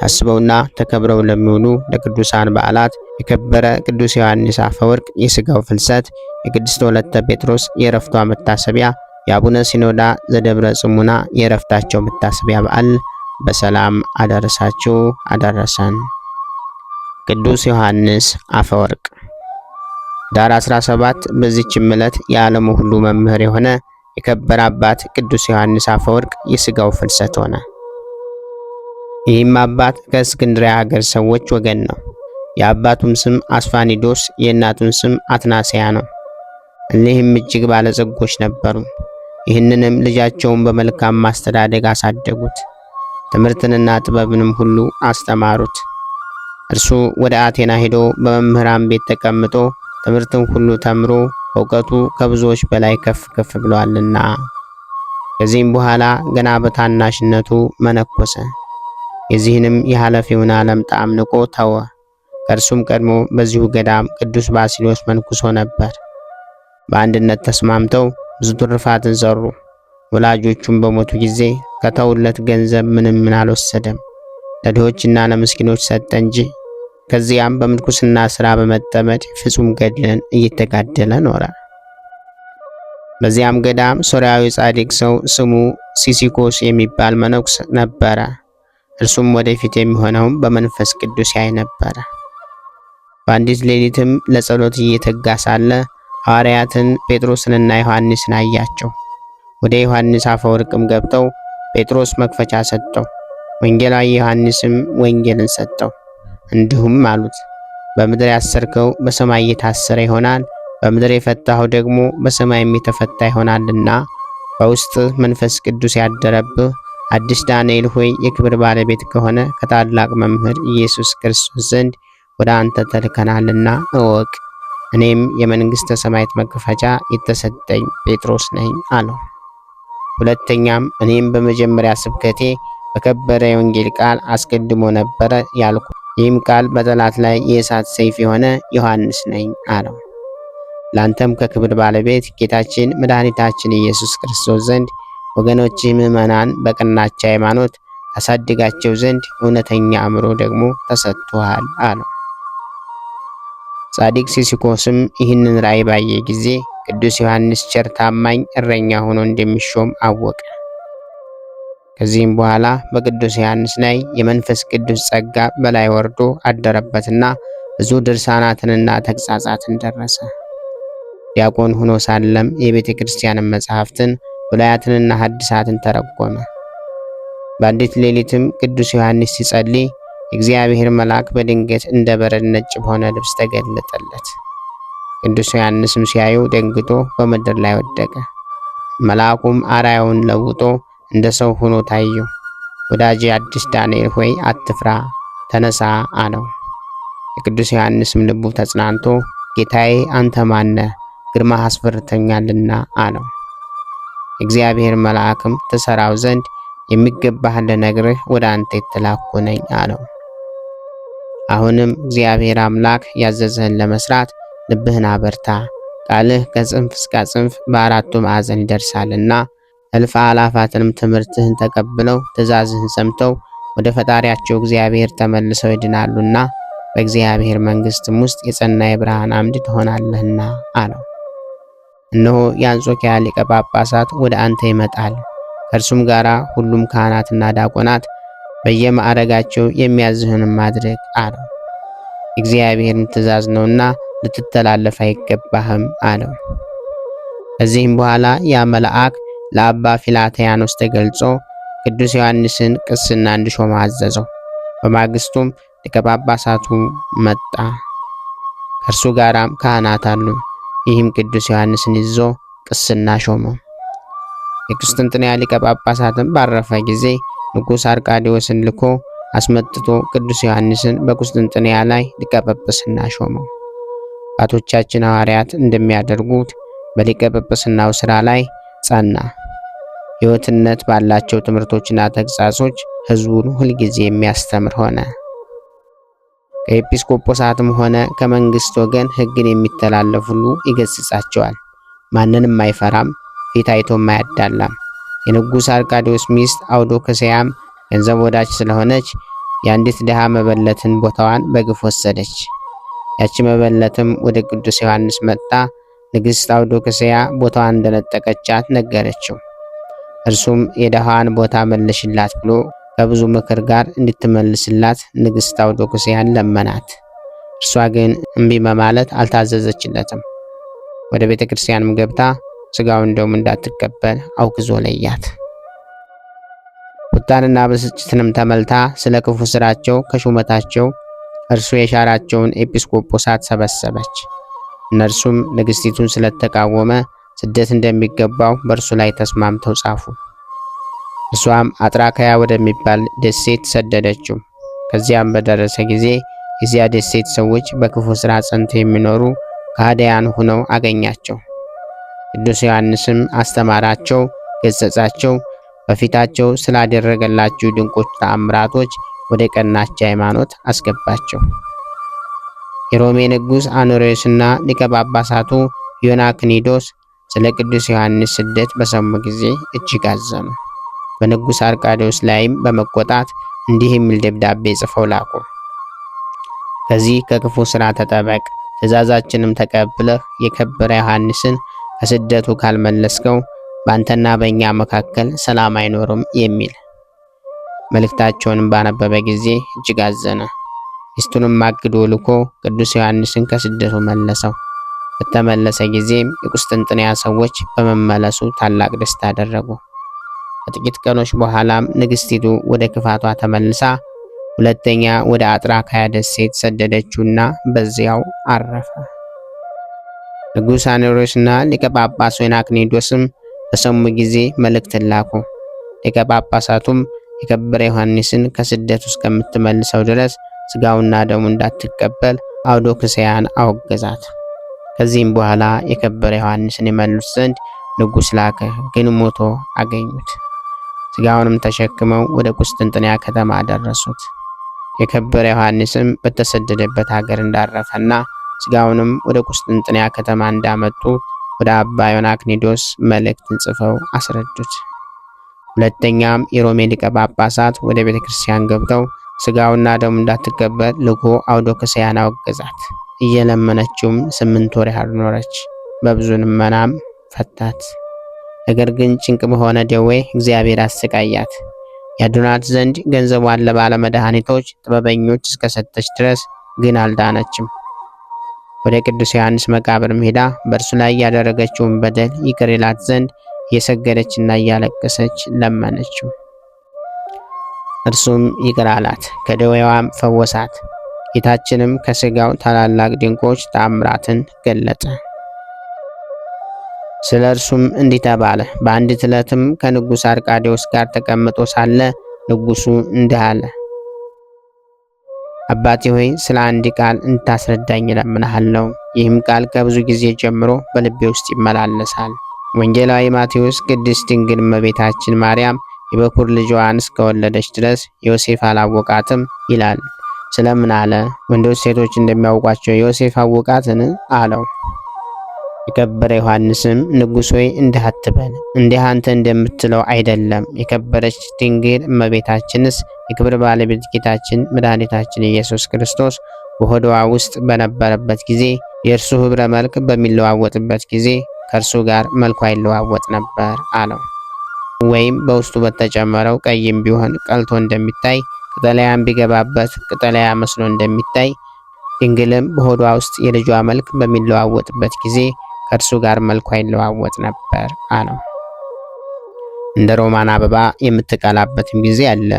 ታስበውና ተከብረው ለሚውሉ ለቅዱሳን በዓላት የከበረ ቅዱስ ዮሐንስ አፈወርቅ የሥጋው ፍልሰት፣ የቅድስት ወለተ ጴጥሮስ የእረፍቷ መታሰቢያ፣ የአቡነ ሲኖዳ ዘደብረ ጽሙና የእረፍታቸው መታሰቢያ በዓል በሰላም አደረሳችሁ አደረሰን። ቅዱስ ዮሐንስ አፈወርቅ ዳር 17 በዚች ዕለት የዓለሙ ሁሉ መምህር የሆነ የከበረ አባት ቅዱስ ዮሐንስ አፈወርቅ የሥጋው ፍልሰት ሆነ። ይህም አባት ከእስክንድሪያ ሀገር ሰዎች ወገን ነው። የአባቱም ስም አስፋኒዶስ የእናቱም ስም አትናስያ ነው። እኒህም እጅግ ባለጸጎች ነበሩ። ይህንንም ልጃቸውን በመልካም ማስተዳደግ አሳደጉት። ትምህርትንና ጥበብንም ሁሉ አስተማሩት። እርሱ ወደ አቴና ሄዶ በመምህራን ቤት ተቀምጦ ትምህርትን ሁሉ ተምሮ እውቀቱ ከብዙዎች በላይ ከፍ ከፍ ብሏልና። ከዚህም በኋላ ገና በታናሽነቱ መነኮሰ። የዚህንም የኃላፊውን ዓለም ጣዕም ንቆ ተወ። ከእርሱም ቀድሞ በዚሁ ገዳም ቅዱስ ባሲሊዮስ መንኩሶ ነበር። በአንድነት ተስማምተው ብዙ ትርፋትን ሰሩ። ወላጆቹም በሞቱ ጊዜ ከተውለት ገንዘብ ምንም ምን አልወሰደም፣ ለድሆችና ለምስኪኖች ሰጠ እንጂ። ከዚያም በምንኩስና ሥራ በመጠመድ ፍጹም ገድልን እየተጋደለ ኖረ። በዚያም ገዳም ሶርያዊ ጻድቅ ሰው ስሙ ሲሲኮስ የሚባል መነኩስ ነበረ። እርሱም ወደፊት የሚሆነውም በመንፈስ ቅዱስ ያይ ነበረ። በአንዲት ሌሊትም ለጸሎት እየተጋ ሳለ ሐዋርያትን ጴጥሮስንና ዮሐንስን አያቸው። ወደ ዮሐንስ አፈወርቅም ገብተው ጴጥሮስ መክፈቻ ሰጠው፣ ወንጌላዊ ዮሐንስም ወንጌልን ሰጠው። እንዲሁም አሉት፣ በምድር ያሰርከው በሰማይ እየታሰረ ይሆናል፣ በምድር የፈታኸው ደግሞ በሰማይም የተፈታ ይሆናልና በውስጥ መንፈስ ቅዱስ ያደረብህ አዲስ ዳንኤል ሆይ የክብር ባለቤት ከሆነ ከታላቅ መምህር ኢየሱስ ክርስቶስ ዘንድ ወደ አንተ ተልከናልና እወቅ። እኔም የመንግሥተ ሰማያት መክፈቻ የተሰጠኝ ጴጥሮስ ነኝ አለው። ሁለተኛም እኔም በመጀመሪያ ስብከቴ በከበረ የወንጌል ቃል አስቀድሞ ነበረ ያልኩ፣ ይህም ቃል በጠላት ላይ የእሳት ሰይፍ የሆነ ዮሐንስ ነኝ አለው። ላንተም ከክብር ባለቤት ጌታችን መድኃኒታችን ኢየሱስ ክርስቶስ ዘንድ ወገኖች ምዕመናን በቀናች ሃይማኖት ታሳድጋቸው ዘንድ እውነተኛ አእምሮ ደግሞ ተሰጥቶሃል አለው። ጻድቅ ሲሲኮስም ይህንን ራእይ ባየ ጊዜ ቅዱስ ዮሐንስ ቸር ታማኝ እረኛ ሆኖ እንደሚሾም አወቀ። ከዚህም በኋላ በቅዱስ ዮሐንስ ላይ የመንፈስ ቅዱስ ጸጋ በላይ ወርዶ አደረበትና ብዙ ድርሳናትንና ተግሳጻትን ደረሰ። ዲያቆን ሆኖ ሳለም የቤተ ክርስቲያንን መጽሐፍትን ብሉያትንና ሐዲሳትን ተረጎመ። በአንዲት ሌሊትም ቅዱስ ዮሐንስ ሲጸልይ የእግዚአብሔር መልአክ በድንገት እንደ በረድ ነጭ በሆነ ልብስ ተገለጠለት። ቅዱስ ዮሐንስም ሲያዩ ደንግጦ በምድር ላይ ወደቀ። መልአኩም አራያውን ለውጦ እንደ ሰው ሆኖ ታየው። ወዳጄ አዲስ ዳንኤል ሆይ አትፍራ፣ ተነሳ አለው። የቅዱስ ዮሐንስም ልቡ ተጽናንቶ ጌታዬ አንተ ማነ? ግርማ አስፈርተኛልና አለው። እግዚአብሔር መልአክም ትሰራው ዘንድ የሚገባህን ልነግርህ ወደ አንተ የተላኩ ነኝ አለው። አሁንም እግዚአብሔር አምላክ ያዘዘህን ለመስራት ልብህን አበርታ፣ ቃልህ ከጽንፍ እስከ ጽንፍ በአራቱ ማዕዘን ይደርሳልና እልፍ አላፋትንም ትምህርትህን ተቀብለው ትእዛዝህን ሰምተው ወደ ፈጣሪያቸው እግዚአብሔር ተመልሰው ይድናሉና በእግዚአብሔር መንግሥትም ውስጥ የጸና የብርሃን አምድ ትሆናለህና አለው። እነሆ የአንጾኪያ ሊቀ ጳጳሳት ወደ አንተ ይመጣል፣ ከእርሱም ጋር ሁሉም ካህናትና ዲያቆናት በየማዕረጋቸው የሚያዝህን ማድረግ አለው። እግዚአብሔርን ትእዛዝ ነውና ልትተላለፍ አይገባህም አለው። ከዚህም በኋላ ያ መልአክ ለአባ ፊላቴያኖስ ተገልጾ ቅዱስ ዮሐንስን ቅስና እንዲሾመ አዘዘው። በማግስቱም ሊቀ ጳጳሳቱ መጣ፣ ከእርሱ ጋራም ካህናት አሉ። ይህም ቅዱስ ዮሐንስን ይዞ ቅስና ሾመው። የቁስጥንጥንያ ሊቀ ጳጳሳትም ባረፈ ጊዜ ንጉሥ አርቃዲዎስን ልኮ አስመጥቶ ቅዱስ ዮሐንስን በቁስጥንጥንያ ላይ ሊቀ ጵጵስና ሾመው። አባቶቻችን ሐዋርያት እንደሚያደርጉት በሊቀ ጵጵስናው ሥራ ላይ ጸና። ሕይወትነት ባላቸው ትምህርቶችና ህዝቡን ሕዝቡን ሁልጊዜ የሚያስተምር ሆነ። ከኤጲስቆጶሳትም ሆነ ከመንግስት ወገን ሕግን የሚተላለፍ ሁሉ ይገስጻቸዋል። ማንንም አይፈራም፣ ፊት አይቶም አያዳላም። የንጉሥ አርቃዲዎስ ሚስት አውዶክስያም ገንዘብ ወዳጅ ስለሆነች የአንዲት ድሃ መበለትን ቦታዋን በግፍ ወሰደች። ያቺ መበለትም ወደ ቅዱስ ዮሐንስ መጣ ንግሥት አውዶክስያ ቦታዋን እንደነጠቀቻት ነገረችው። እርሱም የድሃዋን ቦታ መልሽላት ብሎ ከብዙ ምክር ጋር እንድትመልስላት ንግሥት አውዶክስያን ለመናት። እርሷ ግን እምቢ በማለት አልታዘዘችለትም። ወደ ቤተ ክርስቲያንም ገብታ ስጋው እንደውም እንዳትቀበል አውግዞ ለያት። ቁጣንና ብስጭትንም ተመልታ ስለ ክፉ ስራቸው ከሹመታቸው እርሱ የሻራቸውን ኤጲስቆጶሳት ሰበሰበች። እነርሱም ንግሥቲቱን ስለተቃወመ ስደት እንደሚገባው በእርሱ ላይ ተስማምተው ጻፉ። እሷም አጥራካያ ወደሚባል ደሴት ሰደደችው። ከዚያም በደረሰ ጊዜ የዚያ ደሴት ሰዎች በክፉ ሥራ ጸንተው የሚኖሩ ከሃዲያን ሆነው አገኛቸው። ቅዱስ ዮሐንስም አስተማራቸው፣ ገጸጻቸው በፊታቸው ስላደረገላችሁ ድንቆች ተአምራቶች ወደ ቀናች ሃይማኖት አስገባቸው። የሮሜ ንጉሥ አኖሬዎስና ሊቀ ጳጳሳቱ ዮናክኒዶስ ስለ ቅዱስ ዮሐንስ ስደት በሰሙ ጊዜ እጅግ አዘኑ። በንጉሥ አርቃዴዎስ ላይም በመቆጣት እንዲህ የሚል ደብዳቤ ጽፈው ላኩ። ከዚህ ከክፉ ሥራ ተጠበቅ፣ ትእዛዛችንም ተቀብለህ የከበረ ዮሐንስን ከስደቱ ካልመለስከው በአንተና በእኛ መካከል ሰላም አይኖርም የሚል መልእክታቸውንም ባነበበ ጊዜ እጅግ አዘነ። ሚስቱንም አግዶ ልኮ ቅዱስ ዮሐንስን ከስደቱ መለሰው። በተመለሰ ጊዜም የቁስጥንጥንያ ሰዎች በመመለሱ ታላቅ ደስታ አደረጉ። ከጥቂት ቀኖች በኋላም ንግስቲቱ ወደ ክፋቷ ተመልሳ ሁለተኛ ወደ አጥራካያ ደሴት ሰደደችውና በዚያው አረፈ። ንጉሥ አኔሮስና ሊቀ ጳጳስ ወይናክኒዶስም በሰሙ ጊዜ መልእክትን ላኩ። ሊቀ ጳጳሳቱም የከበረ ዮሐንስን ከስደቱ እስከምትመልሰው ድረስ ስጋውና ደሙ እንዳትቀበል አውዶክስያን አወገዛት። ከዚህም በኋላ የከበረ ዮሐንስን የመልሱ ዘንድ ንጉሥ ላከ፣ ግን ሞቶ አገኙት። ስጋውንም ተሸክመው ወደ ቁስጥንጥንያ ከተማ አደረሱት። የከበረ ዮሐንስም በተሰደደበት ሀገር እንዳረፈና ስጋውንም ወደ ቁስጥንጥንያ ከተማ እንዳመጡ ወደ አባ ዮናክኒዶስ መልእክትን ጽፈው አስረዱት። ሁለተኛም የሮሜ ሊቀ ጳጳሳት ወደ ቤተ ክርስቲያን ገብተው ስጋውና ደሙ እንዳትቀበል ልኮ አውዶክስያን አወገዛት። እየለመነችውም ስምንት ወር ያህል ኖረች። በብዙ ልመናም ፈታት። ነገር ግን ጭንቅ በሆነ ደዌ እግዚአብሔር አሰቃያት። ያድናት ዘንድ ገንዘቧን ለባለ መድኃኒቶች ጥበበኞች እስከሰጠች ድረስ ግን አልዳነችም። ወደ ቅዱስ ዮሐንስ መቃብር ሄዳ በእርሱ ላይ ያደረገችውን በደል ይቅር ይላት ዘንድ እየሰገደችና እያለቀሰች ለመነችው። እርሱም ይቅር አላት፣ ከደዌዋም ፈወሳት። ጌታችንም ከስጋው ታላላቅ ድንቆች ተአምራትን ገለጠ። ስለ እርሱም እንዲህ ተባለ። በአንዲት ዕለትም ከንጉሥ አርቃዴዎስ ጋር ተቀምጦ ሳለ ንጉሡ እንዲህ አለ፣ አባቴ ሆይ ስለ አንድ ቃል እንድታስረዳኝ እለምንሃለሁ። ይህም ቃል ከብዙ ጊዜ ጀምሮ በልቤ ውስጥ ይመላለሳል። ወንጌላዊ ማቴዎስ ቅድስት ድንግል እመቤታችን ማርያም የበኩር ልጇን እስከወለደች ድረስ ዮሴፍ አላወቃትም ይላል። ስለምን አለ? ወንዶች ሴቶች እንደሚያውቋቸው ዮሴፍ አወቃትን? አለው። የከበረ ዮሐንስም ንጉሥ ሆይ እንዲህ አትበል፣ እንዲህ አንተ እንደምትለው አይደለም። የከበረች ድንግል እመቤታችንስ የክብር ባለቤት ጌታችን መድኃኒታችን ኢየሱስ ክርስቶስ በሆድዋ ውስጥ በነበረበት ጊዜ የእርሱ ኅብረ መልክ በሚለዋወጥበት ጊዜ ከእርሱ ጋር መልኳ ይለዋወጥ ነበር አለው። ወይም በውስጡ በተጨመረው ቀይም ቢሆን ቀልቶ እንደሚታይ ቅጠለያም ቢገባበት ቅጠለያ መስሎ እንደሚታይ ድንግልም በሆዷ ውስጥ የልጇ መልክ በሚለዋወጥበት ጊዜ ከእርሱ ጋር መልኳ ይለዋወጥ ነበር አለው። እንደ ሮማን አበባ የምትቀላበትም ጊዜ አለ፣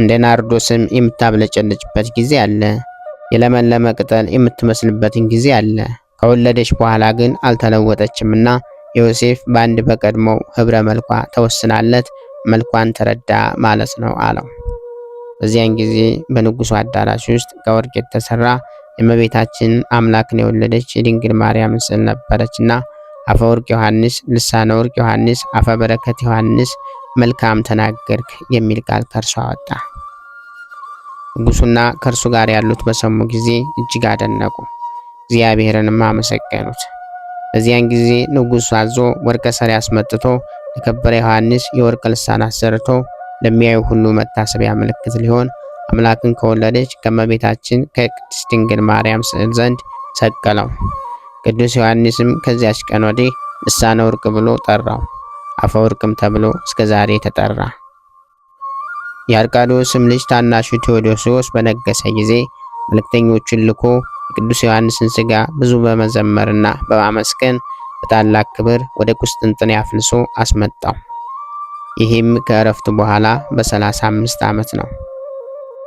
እንደ ናርዶስም የምታብለጨልጭበት ጊዜ አለ፣ የለመለመ ቅጠል የምትመስልበትን ጊዜ አለ። ከወለደች በኋላ ግን አልተለወጠችምና ዮሴፍ በአንድ በቀድሞው ኅብረ መልኳ ተወስናለት መልኳን ተረዳ ማለት ነው አለው። በዚያን ጊዜ በንጉሡ አዳራሽ ውስጥ ከወርቅ የተሰራ የእመቤታችን አምላክን የወለደች የድንግል ማርያም ምስል ነበረችና አፈ ወርቅ ዮሐንስ፣ ልሳነ ወርቅ ዮሐንስ፣ አፈ በረከት ዮሐንስ መልካም ተናገርክ የሚል ቃል ከእርሷ ወጣ። ንጉሱና ከእርሱ ጋር ያሉት በሰሙ ጊዜ እጅግ አደነቁ፣ እግዚአብሔርንም አመሰገኑት። በዚያን ጊዜ ንጉሱ አዞ ወርቀ ሰሪ አስመጥቶ ለከበረ ዮሐንስ የወርቅ ልሳን አሰርቶ ለሚያዩ ሁሉ መታሰቢያ ምልክት ሊሆን አምላክን ከወለደች ከመቤታችን ከቅድስት ድንግል ማርያም ስዕል ዘንድ ሰቀለው። ቅዱስ ዮሐንስም ከዚያች ቀን ወዲህ ልሳነ ወርቅ ብሎ ጠራው። አፈ ወርቅም ተብሎ እስከ ዛሬ ተጠራ። የአርቃዶስም ልጅ ታናሹ ቴዎዶሲዎስ በነገሰ ጊዜ መልእክተኞቹን ልኮ የቅዱስ ዮሐንስን ሥጋ ብዙ በመዘመርና በማመስገን በታላቅ ክብር ወደ ቁስጥንጥንያ አፍልሶ አስመጣው። ይህም ከእረፍቱ በኋላ በ35 ዓመት ነው።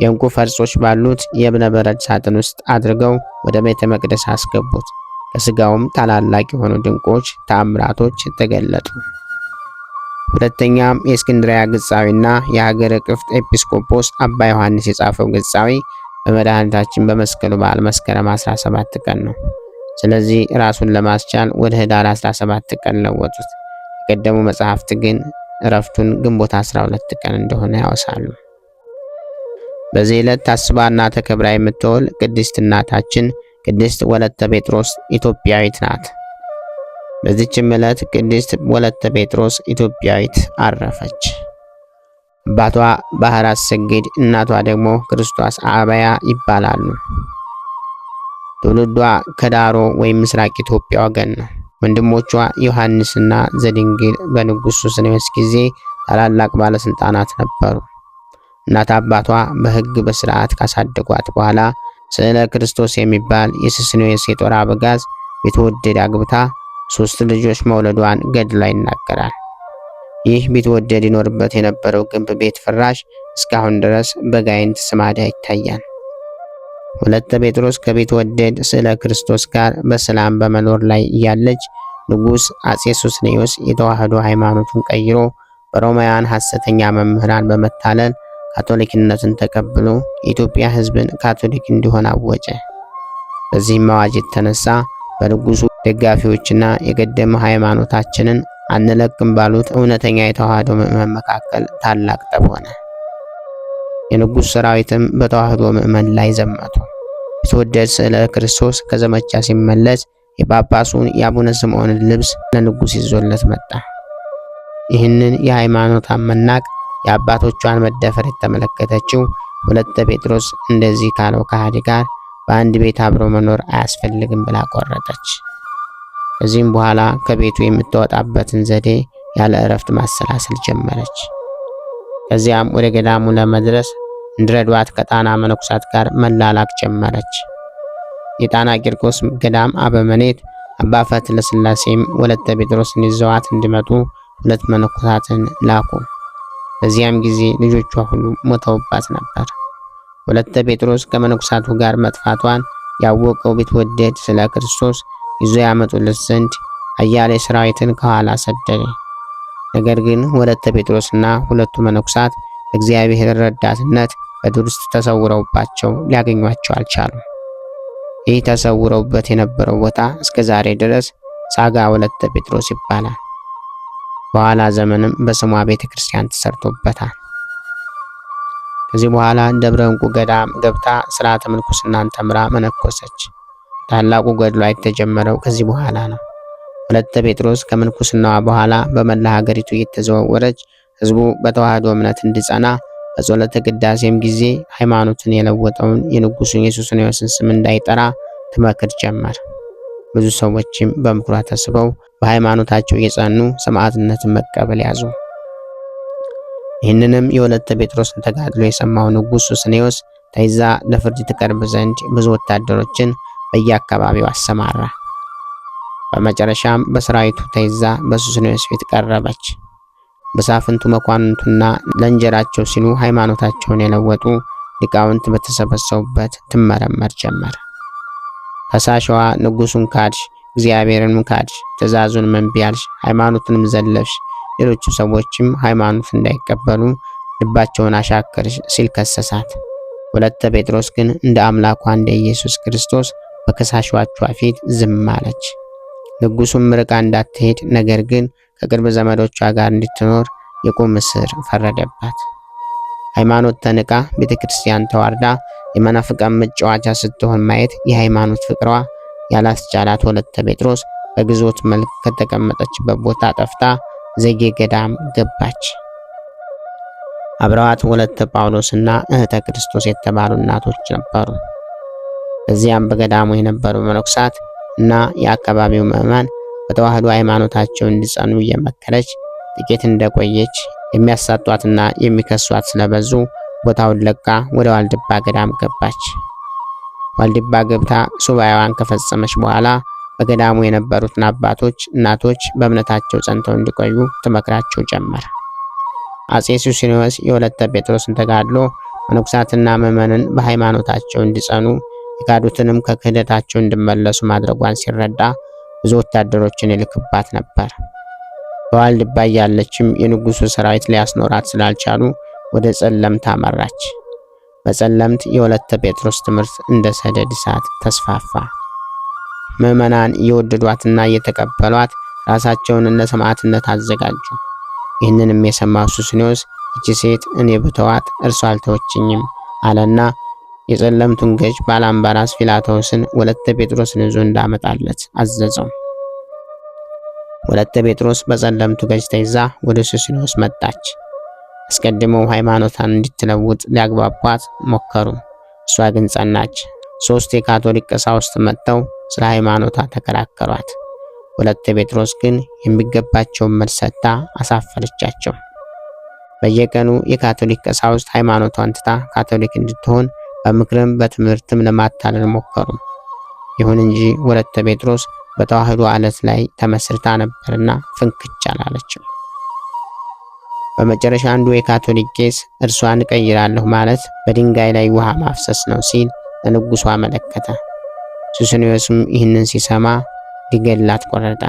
የእንቁ ፈርጾች ባሉት የእብነ በረድ ሳጥን ውስጥ አድርገው ወደ ቤተ መቅደስ አስገቡት። ከስጋውም ታላላቅ የሆኑ ድንቆች ተአምራቶች ተገለጡ። ሁለተኛም የእስክንድሪያ ግጻዊና የሀገረ ቅፍት ኤጲስቆጶስ አባ ዮሐንስ የጻፈው ግጻዊ በመድኃኒታችን በመስቀሉ በዓል መስከረም 17 ቀን ነው። ስለዚህ ራሱን ለማስቻል ወደ ህዳር 17 ቀን ለወጡት። የቀደሙ መጽሐፍት ግን እረፍቱን ግንቦት 12 ቀን እንደሆነ ያወሳሉ። በዚህ ዕለት ታስባና ተከብራ የምትውል ቅድስት እናታችን ቅድስት ወለተ ጴጥሮስ ኢትዮጵያዊት ናት። በዚችም ዕለት ቅድስት ወለተ ጴጥሮስ ኢትዮጵያዊት አረፈች። አባቷ ባህር አሰግድ፣ እናቷ ደግሞ ክርስቶስ አበያ ይባላሉ። ትውልዷ ከዳሮ ወይም ምስራቅ ኢትዮጵያ ወገን ነው። ወንድሞቿ ዮሐንስና ዘድንግል በንጉሱ ሱስንዮስ ጊዜ ታላላቅ ባለስልጣናት ነበሩ። እናት አባቷ በሕግ በስርዓት ካሳደጓት በኋላ ስዕለ ክርስቶስ የሚባል የስስኔው የሴጦራ አበጋዝ ቤተወደድ አግብታ ሶስት ልጆች መውለዷን ገድሏ ይናገራል። ይህ ቢትወደድ ይኖርበት የነበረው ግንብ ቤት ፍራሽ እስካሁን ድረስ በጋይንት ስማዳ ይታያል። ሁለተ ጴጥሮስ ከቤተወደድ ስዕለ ክርስቶስ ጋር በሰላም በመኖር ላይ እያለች ንጉሥ አጼ ሱስንዮስ የተዋህዶ ሃይማኖቱን ቀይሮ በሮማውያን ሐሰተኛ መምህራን በመታለል ካቶሊክነትን ተቀብሎ የኢትዮጵያ ሕዝብን ካቶሊክ እንዲሆን አወጀ። በዚህም አዋጅ የተነሳ በንጉሱ ደጋፊዎችና የገደመ ሃይማኖታችንን አንለቅም ባሉት እውነተኛ የተዋህዶ ምዕመን መካከል ታላቅ ጠብ ሆነ። የንጉሥ ሰራዊትም በተዋህዶ ምዕመን ላይ ዘመቱ። የተወደደ ስዕለ ክርስቶስ ከዘመቻ ሲመለስ የጳጳሱን የአቡነ ስምዖንን ልብስ ለንጉሥ ይዞለት መጣ። ይህንን የሃይማኖት አመናቅ የአባቶቿን መደፈር የተመለከተችው ሁለተ ጴጥሮስ እንደዚህ ካለው ከሃዲ ጋር በአንድ ቤት አብሮ መኖር አያስፈልግም ብላ ቆረጠች። ከዚህም በኋላ ከቤቱ የምትወጣበትን ዘዴ ያለ እረፍት ማሰላሰል ጀመረች። ከዚያም ወደ ገዳሙ ለመድረስ እንድረዷት ከጣና መነኩሳት ጋር መላላክ ጀመረች። የጣና ቂርቆስ ገዳም አበመኔት አባ ፈትለስላሴም ወለተ ጴጥሮስን ይዘዋት እንዲመጡ ሁለት መነኩሳትን ላኩ። በዚያም ጊዜ ልጆቿ ሁሉ ሞተውባት ነበር። ሁለተ ጴጥሮስ ከመነኩሳቱ ጋር መጥፋቷን ያወቀው ቢትወደድ ስለ ክርስቶስ ይዞ ያመጡለት ዘንድ አያሌ ሰራዊትን ከኋላ ሰደደ። ነገር ግን ሁለተ ጴጥሮስና ሁለቱ መነኩሳት እግዚአብሔር ረዳትነት በዱር ውስጥ ተሰውረውባቸው ሊያገኟቸው አልቻሉም። ይህ ተሰውረውበት የነበረው ቦታ እስከ ዛሬ ድረስ ሳጋ ሁለተ ጴጥሮስ ይባላል። በኋላ ዘመንም በስሟ ቤተ ክርስቲያን ተሰርቶበታል። ከዚህ በኋላ ደብረ እንቁ ገዳም ገብታ ስርዓተ ምንኩስናን ተምራ መነኮሰች። ታላቁ ገድሏ የተጀመረው ከዚህ በኋላ ነው። ሁለተ ጴጥሮስ ከምንኩስናዋ በኋላ በመላ ሀገሪቱ እየተዘዋወረች ህዝቡ በተዋህዶ እምነት እንዲጸና በጸሎተ ቅዳሴም ጊዜ ሃይማኖትን የለወጠውን የንጉሱን የሱስንዮስን ስም እንዳይጠራ ትመክር ጀመር። ብዙ ሰዎችም በምኩራት ተስበው በሃይማኖታቸው እየጸኑ ሰማዕትነትን መቀበል ያዙ። ይህንንም የሁለት ጴጥሮስን ተጋድሎ የሰማው ንጉሥ ስኔዎስ ተይዛ ለፍርድ ትቀርብ ዘንድ ብዙ ወታደሮችን በየአካባቢው አሰማራ። በመጨረሻም በሰራዊቱ ተይዛ በሱስኔዎስ ፊት ቀረበች። በሳፍንቱ መኳንንቱና ለእንጀራቸው ሲሉ ሃይማኖታቸውን የለወጡ ሊቃውንት በተሰበሰቡበት ትመረመር ጀመር። ፈሳሽዋ ንጉሱን ካድሽ፣ እግዚአብሔርንም ካድሽ፣ ትእዛዙን መንቢ አልሽ፣ ሃይማኖትንም ዘለፍሽ፣ ሌሎቹ ሰዎችም ሃይማኖት እንዳይቀበሉ ልባቸውን አሻክርሽ ሲል ከሰሳት። ሁለተ ጴጥሮስ ግን እንደ አምላኳ እንደ ኢየሱስ ክርስቶስ በከሳሽዋቿ ፊት ዝም አለች። ንጉሱም ርቃ እንዳትሄድ ነገር ግን ከቅርብ ዘመዶቿ ጋር እንድትኖር የቁም እስር ፈረደባት። ሃይማኖት ተንቃ ቤተ ክርስቲያን ተዋርዳ የመናፍቃን መጫወቻ ስትሆን ማየት የሃይማኖት ፍቅሯ ያላስቻላት ወለተ ጴጥሮስ በግዞት መልክ ከተቀመጠችበት ቦታ ጠፍታ ዘጌ ገዳም ገባች። አብረዋት ወለተ ጳውሎስና እህተ ክርስቶስ የተባሉ እናቶች ነበሩ። እዚያም በገዳሙ የነበሩ መነኮሳት እና የአካባቢው ምዕመናን በተዋህዶ ሃይማኖታቸው እንዲጸኑ እየመከረች ጥቂት እንደቆየች የሚያሳጧትና የሚከሷት ስለበዙ ቦታውን ለቃ ወደ ዋልድባ ገዳም ገባች። ዋልድባ ገብታ ሱባኤዋን ከፈጸመች በኋላ በገዳሙ የነበሩትን አባቶች፣ እናቶች በእምነታቸው ጸንተው እንዲቆዩ ትመክራቸው ጀመር። አጼ ሱስንዮስ የሁለተ ጴጥሮስን ተጋድሎ መነኩሳትና ምዕመናንን በሃይማኖታቸው እንዲጸኑ የካዱትንም ከክህደታቸው እንዲመለሱ ማድረጓን ሲረዳ ብዙ ወታደሮችን ይልክባት ነበር። በዋልድባ እያለችም የንጉሱ ሰራዊት ሊያስኖራት ስላልቻሉ ወደ ጸለምት አመራች። በጸለምት የሁለተ ጴጥሮስ ትምህርት እንደ ሰደድ እሳት ተስፋፋ። ምዕመናን እየወደዷትና እየተቀበሏት ራሳቸውን ለሰማዕትነት አዘጋጁ። ይህንንም የሰማው ሱስኒዮስ ይቺ ሴት እኔ ብተዋት እርሷ አልተወችኝም አለና የጸለምቱን ገዥ ባላምባራስ ፊላቶስን ወለተ ጴጥሮስን ይዞ እንዳመጣለት አዘዘው። ወለተ ጴጥሮስ በጸለምቱ ገዥ ተይዛ ወደ ሱስኒዮስ መጣች። አስቀድመው ሃይማኖቷን እንድትለውጥ ሊያግባቧት ሞከሩ። እሷ ግን ጸናች። ሶስት የካቶሊክ ቀሳውስት መጥተው ስለ ሃይማኖቷ ተከራከሯት። ሁለት ጴጥሮስ ግን የሚገባቸውን መልስ ሰጥታ አሳፈረቻቸው። በየቀኑ የካቶሊክ ቀሳውስት ሃይማኖቷን ትታ ካቶሊክ እንድትሆን በምክርም በትምህርትም ለማታለል ሞከሩ። ይሁን እንጂ ወለተ ጴጥሮስ በተዋህዶ ዓለት ላይ ተመስርታ ነበርና ፍንክች አላለችም። በመጨረሻ አንዱ የካቶሊክ ቄስ እርሷን እቀይራለሁ ማለት በድንጋይ ላይ ውሃ ማፍሰስ ነው ሲል ለንጉሱ አመለከተ። ሱስንዮስም ይህንን ሲሰማ ሊገላት ቆረጠ።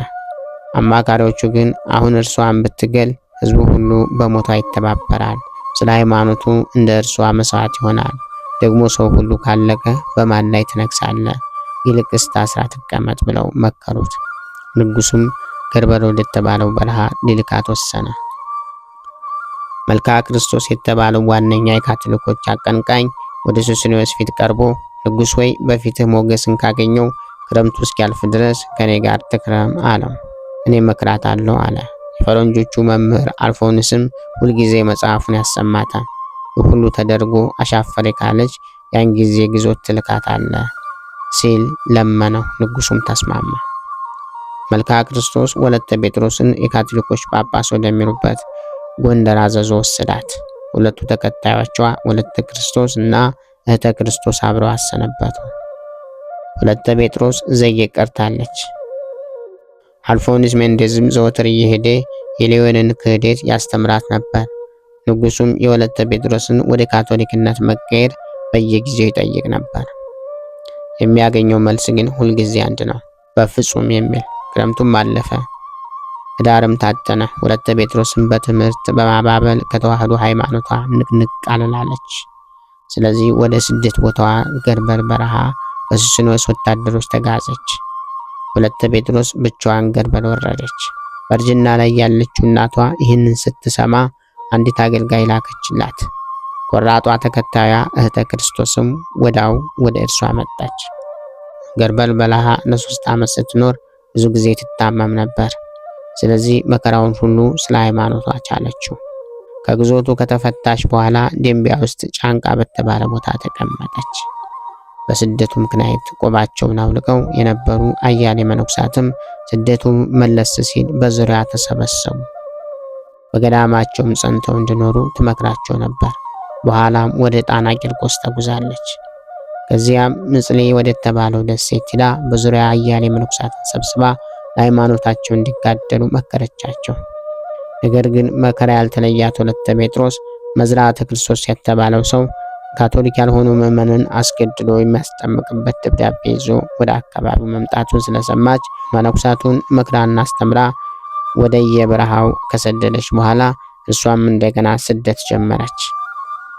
አማካሪዎቹ ግን አሁን እርሷን ብትገል ህዝቡ ሁሉ በሞቷ ይተባበራል፣ ስለ ሃይማኖቱ እንደ እርሷ መስዋዕት ይሆናል። ደግሞ ሰው ሁሉ ካለቀ በማን ላይ ትነግሳለ? ይልቅስ ስራ ትቀመጥ ብለው መከሩት። ንጉሱም ገርበሮ ወደተባለው በረሃ ሊልካት ወሰነ። መልክዓ ክርስቶስ የተባለው ዋነኛ የካቶሊኮች አቀንቃኝ ወደ ሱስንዮስ ፊት ቀርቦ ንጉሥ ወይ በፊትህ ሞገስን ካገኘው ክረምቱ እስኪያልፍ ድረስ ከኔ ጋር ትክረም አለው። እኔ አለው አለ። የፈረንጆቹ መምህር አልፎንስም ሁልጊዜ መጽሐፉን ያሰማታል። ሁሉ ተደርጎ አሻፈሬ ካለች ያን ጊዜ ግዞት አለ ሲል ለመነው። ንጉሱም ተስማማ። መልክዓ ክርስቶስ ወለተ ጴጥሮስን የካቶሊኮች ጳጳስ ወደሚሉበት ጎንደር አዘዞ ወሰዳት። ሁለቱ ተከታዮቿ ወለተ ክርስቶስ እና እህተ ክርስቶስ አብረው አሰነበቱ። ሁለተ ጴጥሮስ ዘጌ ቀርታለች። አልፎንስ ሜንዴዝም ዘወትር እየሄደ የሌዮንን ክህደት ያስተምራት ነበር። ንጉሱም የወለተ ጴጥሮስን ወደ ካቶሊክነት መቀየር በየጊዜው ይጠይቅ ነበር። የሚያገኘው መልስ ግን ሁልጊዜ አንድ ነው፣ በፍጹም የሚል ክረምቱም አለፈ። ህዳርም ታጠነ! ሁለተ ጴጥሮስም በትምህርት በማባበል ከተዋህዶ ሃይማኖቷ ንቅንቅ አልላለች። ስለዚህ ወደ ስደት ቦታዋ ገርበር በረሃ በሱስንዮስ ወታደሮች ተጋዘች። ሁለተ ጴጥሮስ ብቻዋን ገርበር ወረደች። በእርጅና ላይ ያለችው እናቷ ይህንን ስትሰማ አንዲት አገልጋይ ላከችላት። ቆራጧ ተከታያ እህተ ክርስቶስም ወዳው ወደ እርሷ መጣች። ገርበል በረሃ ለሶስት ዓመት ስትኖር ብዙ ጊዜ ትታመም ነበር። ስለዚህ መከራውን ሁሉ ስለ ሃይማኖቷ ቻለችው። ከግዞቱ ከተፈታች በኋላ ደንቢያ ውስጥ ጫንቃ በተባለ ቦታ ተቀመጠች። በስደቱ ምክንያት ቆባቸውን አውልቀው የነበሩ አያሌ መነኩሳትም ስደቱ መለስ ሲል በዙሪያ ተሰበሰቡ። በገዳማቸውም ጸንተው እንዲኖሩ ትመክራቸው ነበር። በኋላም ወደ ጣና ቂርቆስ ተጉዛለች። ከዚያም ምጽሌ ወደተባለው ደሴት ይላ በዙሪያ አያሌ መነኩሳትን ሰብስባ ለሃይማኖታቸው እንዲጋደሉ መከረቻቸው። ነገር ግን መከራ ያልተለያት ወለተ ጴጥሮስ መዝራተ ክርስቶስ የተባለው ሰው ካቶሊክ ያልሆኑ ምዕመንን አስገድሎ የሚያስጠምቅበት ደብዳቤ ይዞ ወደ አካባቢው መምጣቱን ስለሰማች መነኩሳቱን መክራና አስተምራ ወደ የበረሃው ከሰደደች በኋላ እሷም እንደገና ስደት ጀመረች።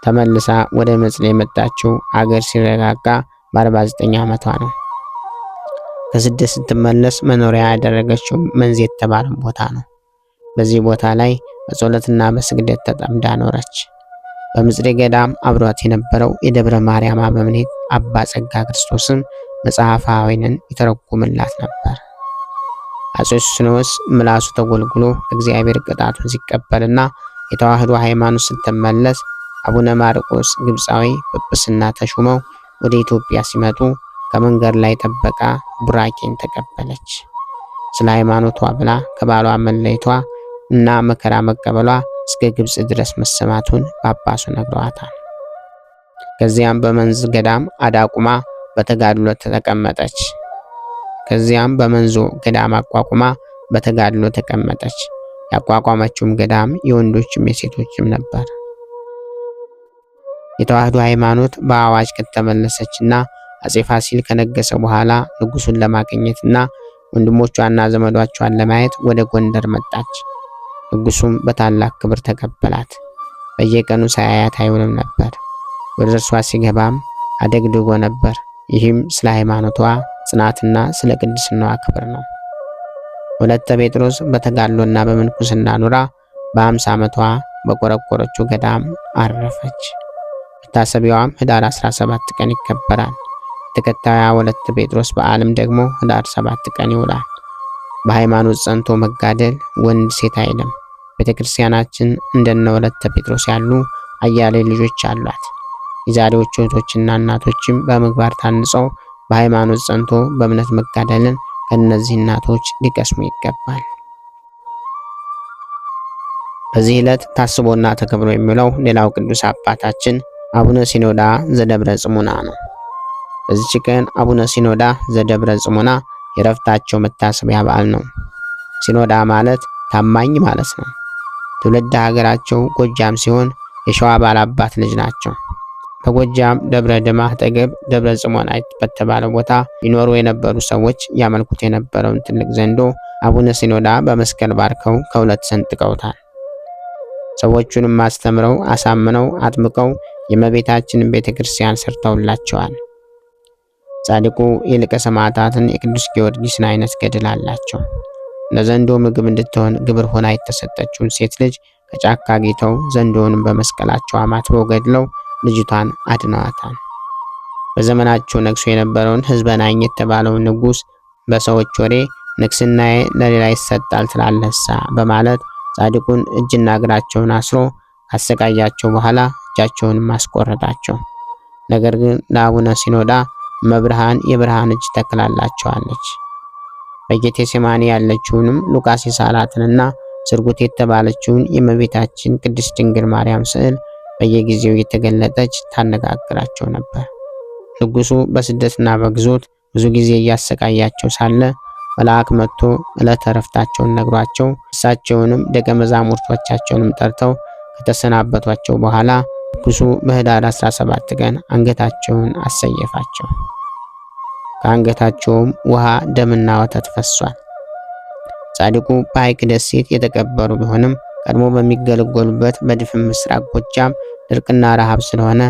ተመልሳ ወደ መጽለ የመጣችው አገር ሲረጋጋ በ49 ዓመቷ ነው። ከስደት ስትመለስ መኖሪያ ያደረገችው መንዝ የተባለ ቦታ ነው። በዚህ ቦታ ላይ በጸሎትና በስግደት ተጠምዳ ኖረች። በምጽሬ ገዳም አብሯት የነበረው የደብረ ማርያም አበምኔት አባ ጸጋ ክርስቶስም መጽሐፈ የተረጉምላት ይተረጉምላት ነበር። አጼ ሱስንዮስ ምላሱ ተጎልጉሎ እግዚአብሔር ቅጣቱን ሲቀበልና የተዋህዶ ሃይማኖት ስትመለስ አቡነ ማርቆስ ግብፃዊ ጵጵስና ተሹመው ወደ ኢትዮጵያ ሲመጡ ከመንገድ ላይ ጠበቃ ቡራኬን ተቀበለች። ስለ ሃይማኖቷ ብላ ከባሏ መለይቷ እና መከራ መቀበሏ እስከ ግብፅ ድረስ መሰማቱን ጳጳሱ ነግረዋታል። ከዚያም በመንዝ ገዳም አዳቁማ በተጋድሎ ተቀመጠች። ከዚያም በመንዞ ገዳም አቋቁማ በተጋድሎ ተቀመጠች። ያቋቋመችውም ገዳም የወንዶችም የሴቶችም ነበር። የተዋህዶ ሃይማኖት በአዋጅ ከተመለሰችና አጼ ፋሲል ከነገሰ በኋላ ንጉሱን ለማግኘትና ወንድሞቿና ዘመዶቿን ለማየት ወደ ጎንደር መጣች። ንጉሱም በታላቅ ክብር ተቀበላት። በየቀኑ ሳያያት አይውልም ነበር። ወደ እርሷ ሲገባም አደግድጎ ነበር። ይህም ስለ ሃይማኖቷ ጽናትና ስለ ቅድስናዋ ክብር ነው። ወለተ ጴጥሮስ በተጋድሎና በምንኩስና ኑራ በአምሳ ዓመቷ በቆረቆሮቹ ገዳም አረፈች። መታሰቢያዋም ህዳር 17 ቀን ይከበራል። ተከታዩ ሁለት ጴጥሮስ በዓልም ደግሞ ህዳር ሰባት ቀን ይውላል። በሃይማኖት ጸንቶ መጋደል ወንድ ሴት አይልም። ቤተ ክርስቲያናችን እንደነ ሁለት ጴጥሮስ ያሉ አያሌ ልጆች አሏት። የዛሬዎቹ እህቶችና እናቶችም በምግባር ታንጸው በሃይማኖት ጸንቶ በእምነት መጋደልን ከእነዚህ እናቶች ሊቀስሙ ይገባል። በዚህ ዕለት ታስቦና ተከብሮ የሚውለው ሌላው ቅዱስ አባታችን አቡነ ሲኖዳ ዘደብረ ጽሙና ነው። በዚች ቀን አቡነ ሲኖዳ ዘደብረ ጽሙና የረፍታቸው መታሰቢያ በዓል ነው። ሲኖዳ ማለት ታማኝ ማለት ነው። ትውልድ ሀገራቸው ጎጃም ሲሆን የሸዋ ባላባት ልጅ ናቸው። በጎጃም ደብረ ድማህ አጠገብ ደብረ ጽሞና በተባለ ቦታ ይኖሩ የነበሩ ሰዎች ያመልኩት የነበረውን ትልቅ ዘንዶ አቡነ ሲኖዳ በመስቀል ባርከው ከሁለት ሰንጥቀውታል። ሰዎቹንም አስተምረው አሳምነው አጥምቀው የእመቤታችንን ቤተ ክርስቲያን ሰርተውላቸዋል። ጻድቁ የልቀ ሰማዕታትን የቅዱስ ጊዮርጊስን አይነት ገድል አላቸው። ለዘንዶ ምግብ እንድትሆን ግብር ሆና የተሰጠችውን ሴት ልጅ ከጫካ ጌተው ዘንዶውንም በመስቀላቸው አማትበው ገድለው ልጅቷን አድነዋታል። በዘመናቸው ነግሶ የነበረውን ህዝበ ናኝ የተባለውን ንጉሥ በሰዎች ወሬ ንግስናዬ ለሌላ ይሰጣል ትላለሳ በማለት ጻድቁን እጅና እግራቸውን አስሮ ካሰቃያቸው በኋላ እጃቸውንም አስቆረጣቸው። ነገር ግን ለአቡነ ሲኖዳ መብርሃን የብርሃን እጅ ተክላላቸዋለች። በጌቴሴማኒ ያለችውንም ሉቃስ የሳላትንና ስርጉት የተባለችውን የእመቤታችን ቅድስት ድንግል ማርያም ስዕል በየጊዜው የተገለጠች ታነጋግራቸው ነበር። ንጉሱ በስደትና በግዞት ብዙ ጊዜ እያሰቃያቸው ሳለ መልአክ መጥቶ ዕለተ ዕረፍታቸውን ነግሯቸው እሳቸውንም ደቀ መዛሙርቶቻቸውንም ጠርተው ከተሰናበቷቸው በኋላ ንጉሡ በኅዳር 17 ቀን አንገታቸውን አሰየፋቸው። ከአንገታቸውም ውሃ ደምና ወተት ፈሷል። ጻድቁ በሐይቅ ደሴት የተቀበሩ ቢሆንም ቀድሞ በሚገለገሉበት በድፍን ምስራቅ ጎጃም ድርቅና ረሃብ ስለሆነ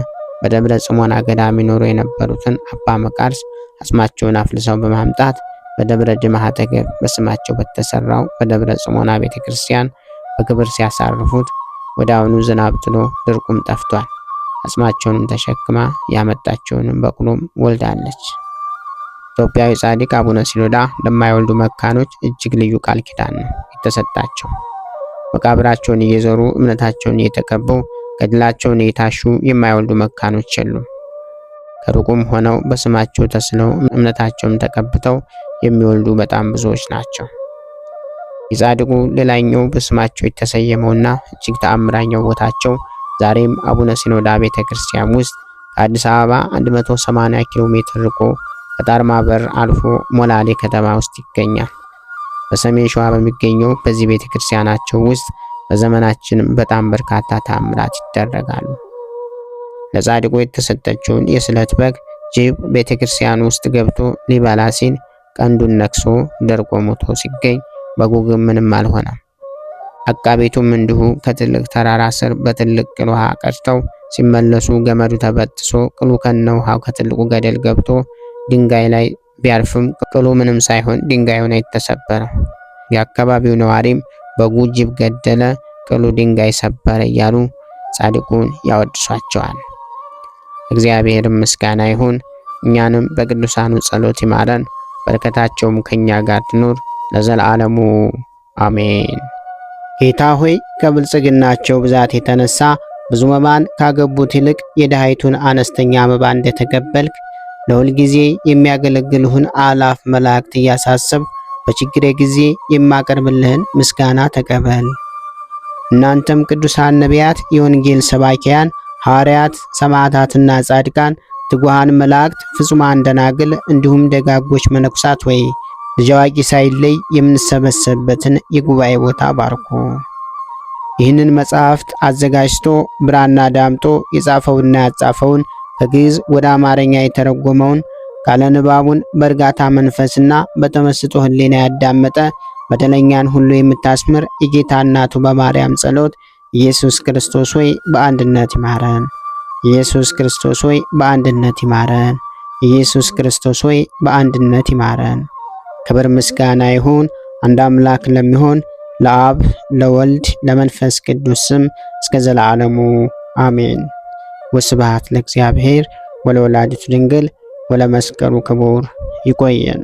በደብረ ጽሞና ገዳም ይኖሩ የነበሩትን አባ መቃርስ አጽማቸውን አፍልሰው በማምጣት በደብረ ድማህ አጠገብ በስማቸው በተሰራው በደብረ ጽሞና ቤተ ክርስቲያን በክብር ሲያሳርፉት ወደ አሁኑ ዝናብ ጥሎ ድርቁም ጠፍቷል። አጽማቸውንም ተሸክማ ያመጣቸውንም በቅሎም ወልዳለች። ኢትዮጵያዊ ጻድቅ አቡነ ሲኖዳ ለማይወልዱ መካኖች እጅግ ልዩ ቃል ኪዳን ነው የተሰጣቸው። መቃብራቸውን እየዞሩ እምነታቸውን እየተቀበው ገድላቸውን እየታሹ የማይወልዱ መካኖች የሉም። ከሩቁም ሆነው በስማቸው ተስለው እምነታቸውን ተቀብተው የሚወልዱ በጣም ብዙዎች ናቸው። የጻድቁ ሌላኛው በስማቸው የተሰየመውና እጅግ ተአምራኛው ቦታቸው ዛሬም አቡነ ሲኖዳ ቤተ ክርስቲያን ውስጥ ከአዲስ አበባ 180 ኪሎ ሜትር ርቆ ከጣርማ በር አልፎ ሞላሌ ከተማ ውስጥ ይገኛል። በሰሜን ሸዋ በሚገኘው በዚህ ቤተ ክርስቲያናቸው ውስጥ በዘመናችንም በጣም በርካታ ተአምራት ይደረጋሉ። ለጻድቁ የተሰጠችውን የስለት በግ ጅብ ቤተ ክርስቲያን ውስጥ ገብቶ ሊበላ ሲል ቀንዱን ነክሶ ደርቆ ሞቶ ሲገኝ በጉግም ምንም አልሆነም። አቃቤቱም እንዲሁ ከትልቅ ተራራ ስር በትልቅ ቅል ውሃ ቀድተው ሲመለሱ ገመዱ ተበጥሶ ቅሉ ከነ ውሃው ከትልቁ ገደል ገብቶ ድንጋይ ላይ ቢያርፍም ቅሉ ምንም ሳይሆን ድንጋዩን አይተሰበረ። የአካባቢው ነዋሪም በጉ ጅብ ገደለ፣ ቅሉ ድንጋይ ሰበረ እያሉ ጻድቁን ያወድሷቸዋል። እግዚአብሔር ምስጋና ይሁን። እኛንም በቅዱሳኑ ጸሎት ይማረን፣ በረከታቸውም ከኛ ጋር ትኑር ለዘላለሙ አሜን። ጌታ ሆይ ከብልጽግናቸው ብዛት የተነሳ ብዙ መባን ካገቡት ይልቅ የድሃይቱን አነስተኛ መባ እንደተቀበልክ ለሁል ጊዜ የሚያገለግልሁን አላፍ መላእክት እያሳሰብ በችግሬ ጊዜ የማቀርብልህን ምስጋና ተቀበል። እናንተም ቅዱሳን ነቢያት፣ የወንጌል ሰባኪያን ሐዋርያት፣ ሰማዕታትና ጻድቃን፣ ትጉሃን መላእክት፣ ፍጹማን ደናግል እንዲሁም ደጋጎች መነኩሳት ወይ ልጅ አዋቂ ሳይለይ የምንሰበሰብበትን የጉባኤ ቦታ ባርኮ ይህንን መጽሐፍት አዘጋጅቶ ብራና ዳምጦ የጻፈውና ያጻፈውን ከግዕዝ ወደ አማርኛ የተረጎመውን ቃለ ንባቡን በእርጋታ መንፈስና በተመስጦ ሕሊና ያዳመጠ በደለኛን ሁሉ የምታስምር የጌታ እናቱ በማርያም ጸሎት ኢየሱስ ክርስቶስ ሆይ በአንድነት ይማረን። ኢየሱስ ክርስቶስ ሆይ በአንድነት ይማረን። ኢየሱስ ክርስቶስ ሆይ በአንድነት ይማረን። ክብር ምስጋና ይሁን አንድ አምላክ ለሚሆን ለአብ ለወልድ ለመንፈስ ቅዱስ ስም እስከ ዘለዓለሙ አሜን። ወስብሐት ለእግዚአብሔር ወለወላዲቱ ድንግል ወለመስቀሉ ክቡር። ይቆየን።